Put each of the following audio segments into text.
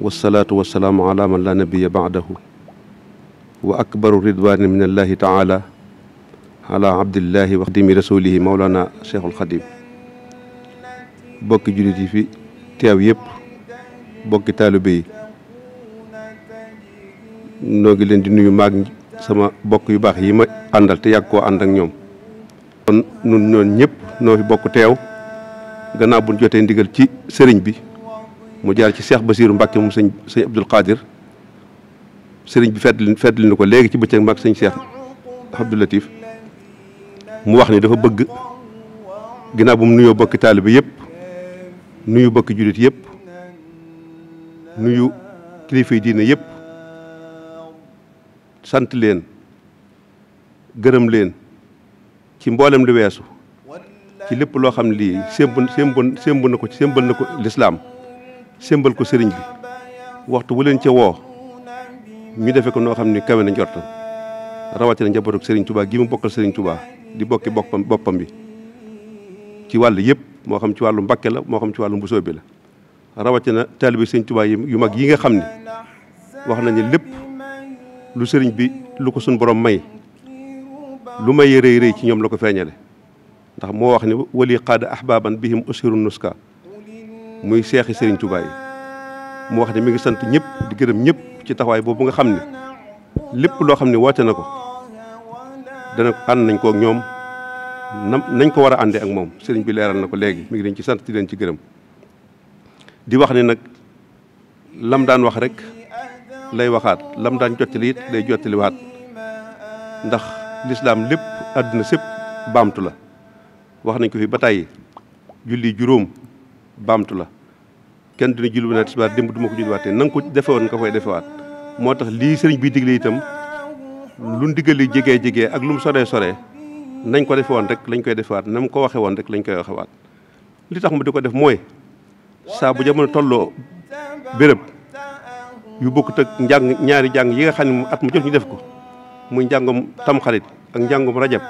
wasalaatu wasalaamu ala man la nabiya baadahu wa akbaru ridwaani min allahi taala ala abdillahi wa xadimi rasulihi maulana cheikhul xadim bokki jullit yi fi teew yëpp bokki taalibe yi leen di nuyu maag sama bokk yu baax yi ma àndal te yàgg koo ànd ñoom nun ñoon ñëpp noo fi bokk teew gannaaw buñ jotee ndigal ci sëriñ bi mu jaar ci Cheikh Basiiru Mbàkke moom sëñ sëñ Abdul Qadir sëriñ bi fettali fettali na ko léegi ci bëccëg mag sëñ seex Abdul Latif mu wax ni dafa bëgg ginnaaw bu mu nuyoo bokki taalibe yëpp nuyu bokki jullit yëpp nuyu kilifa yëpp sant leen gërëm leen ci mboolem lu weesu ci lépp loo xam lii sémb sémb sémb na ko sémbal na ko lislaam sëmbal ko sëriñ bi waxtu bu leen ca woo ñu defe ko noo xam ne kawe na njort rawatina njabootu sëriñ tubaa gi mu bokkal sëriñ tubaa di bokki boppam boppam bi ci wàll yëpp moo xam ci wàllu mbakke la moo xam ci wàllu mbusoo bi la rawatina taalibe sëriñ tubaa yi yu mag yi nga xam ne wax nañu lépp lu sëriñ bi lu ko suñ borom may lu may rëy rëy ci ñoom la ko feeñale ndax moo wax ne wali qaada ahbaban bihim usirun nuska muy seexi Serigne tubaay mu wax ne mi ngi sant ñëpp di gërëm ñëpp ci taxawaay boobu nga xam ne lépp loo xam ne woote na ko dana ànd nañ ko ak ñoom nañ ko war a àndee ak moom Serigne bi leeral na ko léegi mi ngi leen ci sant di leen ci gërëm di wax ni nag lam daan wax rek lay waxaat lam daan jottali it lay jottaliwaat ndax lislaam lépp àddina sépp baamtu la wax nañ ko fi ba tàyyi julli juróom baamtu la kenn du ne julli naa tisbaar démb du ma ko julliwaatee na ko defewoon nga koy defewaat moo tax lii sëriñ bi digle itam lu ndigali jegee jegee ak lu mu soree soree nañ ko defewoon rek lañ koy defewaat na mu ko waxee woon rek lañ koy waxewaat li tax mu di ko def mooy saa bu jamono tolloo béréb yu bokkut ak njàng ñaari jàng yi nga xam ne at mu jot ñu def ko muy njàngum tamxarit ak njàngum rajab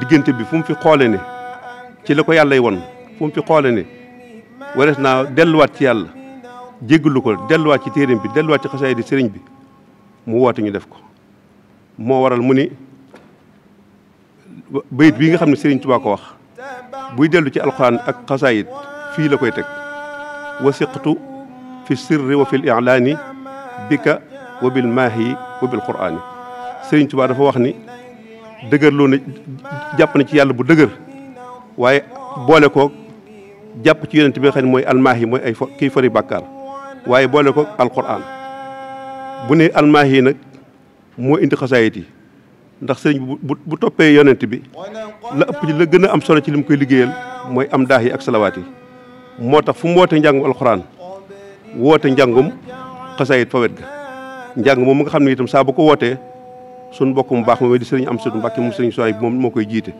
diggante bi fu fi xoole ne ci la ko yàllay won fu fi xoole ne warees naa delluwaat ci yàlla jéggalu ko delluwaat ci téeréem bi delluwaat ci xasaay di sëriñ bi mu woote ñu def ko moo waral mu ni bayit bii nga xam ne sëriñ Tuubaa ko wax buy dellu ci alxuraan ak xasaayit fii la koy teg wasiqtu fi sirri wa fil i'laani bika wa bil maahi wa bil qur'aani sëriñ Tuubaa dafa wax ni dëgër loo na jàpp na ci yàlla bu dëgër waaye boole ko jàpp ci yonent bi nga xam ne mooy almaahi mooy ay kii fari bàkkaar waaye boole ko alquran bu ne almaahi nag moo indi xasaayit yi ndax sëriñ bu bu toppee yonent bi la ëpp ci la gën a am solo ci li mu koy liggéeyal mooy am daax yi ak salawaat moo tax fu mu woote njàngum alxuraan woote njàngum xasaayit fa wet ga njàng moom mu nga xam ne itam saa bu ko wootee sunu mbokk mu baax moom di sëriñ am sut mbàkke mu sëriñ soo bi moom moo koy jiite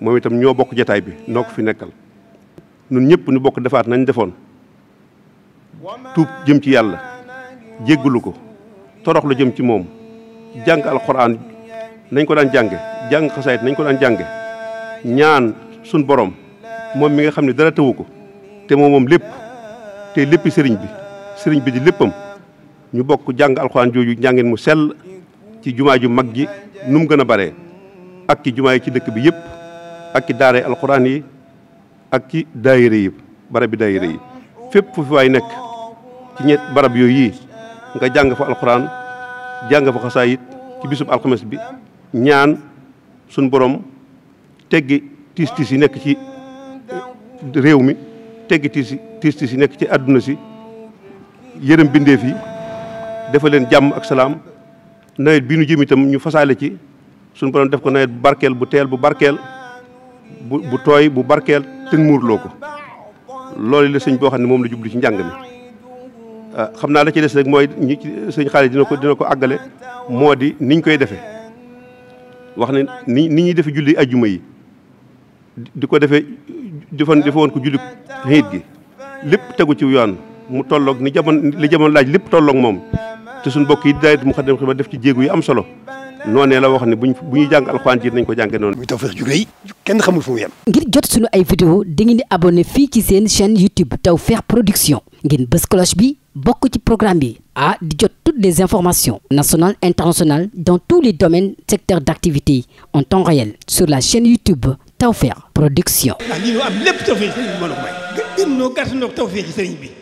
moom itam ñoo bokk jataay bi noo ko fi nekkal nun ñëpp ñu bokk defaat nañu defoon tuub jëm ci yàlla jéggalu ko toroxlu jëm ci moom jàng alxuraan nañ ko daan jànge jàng xasaayit nañ ko daan jànge ñaan sun borom moom mi nga xam ne dara tëwu ko te moom moom lépp te léppi sëriñ bi sëriñ bi di léppam ñu bokk jàng alxuraan jooju njàngin mu sell ci jumaa ju mag ji nu mu gën a bare ak ci jumaa ci dëkk bi yëpp ak ci daaree alxuraan yi ak ci daayira yi barabi daayira yi fépp fu fi waay nekk ci ñett barab yooy yi nga jàng fa alxuraan jàng fa xasaayit ci bisub alxames bi ñaan suñ borom teggi tiis tiis yi nekk ci réew mi teggi tiis tiis yi nekk ci àdduna si yërëm bindeef yi dafa leen jàmm ak salaam nawet bi nu jëm tam ñu fasaale ci sunu borom def ko nawet bu barkeel bu teel bu barkeel bu bu tooy bu barkeel te muurloo ko loolu la sëñ boo xam ne moom la jublu ci njàng mi ah, xam naa la ci des rek mooy ñi sëñ xaalis dina ko dina ko àggale moo di niñ koy defee wax ne ni ni ñuy defe julli juma yi di ko defee defoon defe woon ko julli xiit gi lépp tegu ci yoon mu tolloog ni jamono li jamono laaj lépp tollook moom te suñ bokk yi daayit mu xaddam xidma def ci jéego yi am solo noonee la wax ne buñ bu ñuy jàng alxuraan ji nañ ko jànge noonu. muy Tawfekh ju rëy kenn xamul fu mu yem. ngir jot sunu ay vidéo dangeen di abonné fii ci seen chaîne YouTube Tawfekh Production ngeen bës bi bokk ci programme bi ah di jot toutes les informations nationales internationales dans tous les domaines secteurs d'activité en temps réel sur la chaîne YouTube Tawfekh Production. Ah, a may.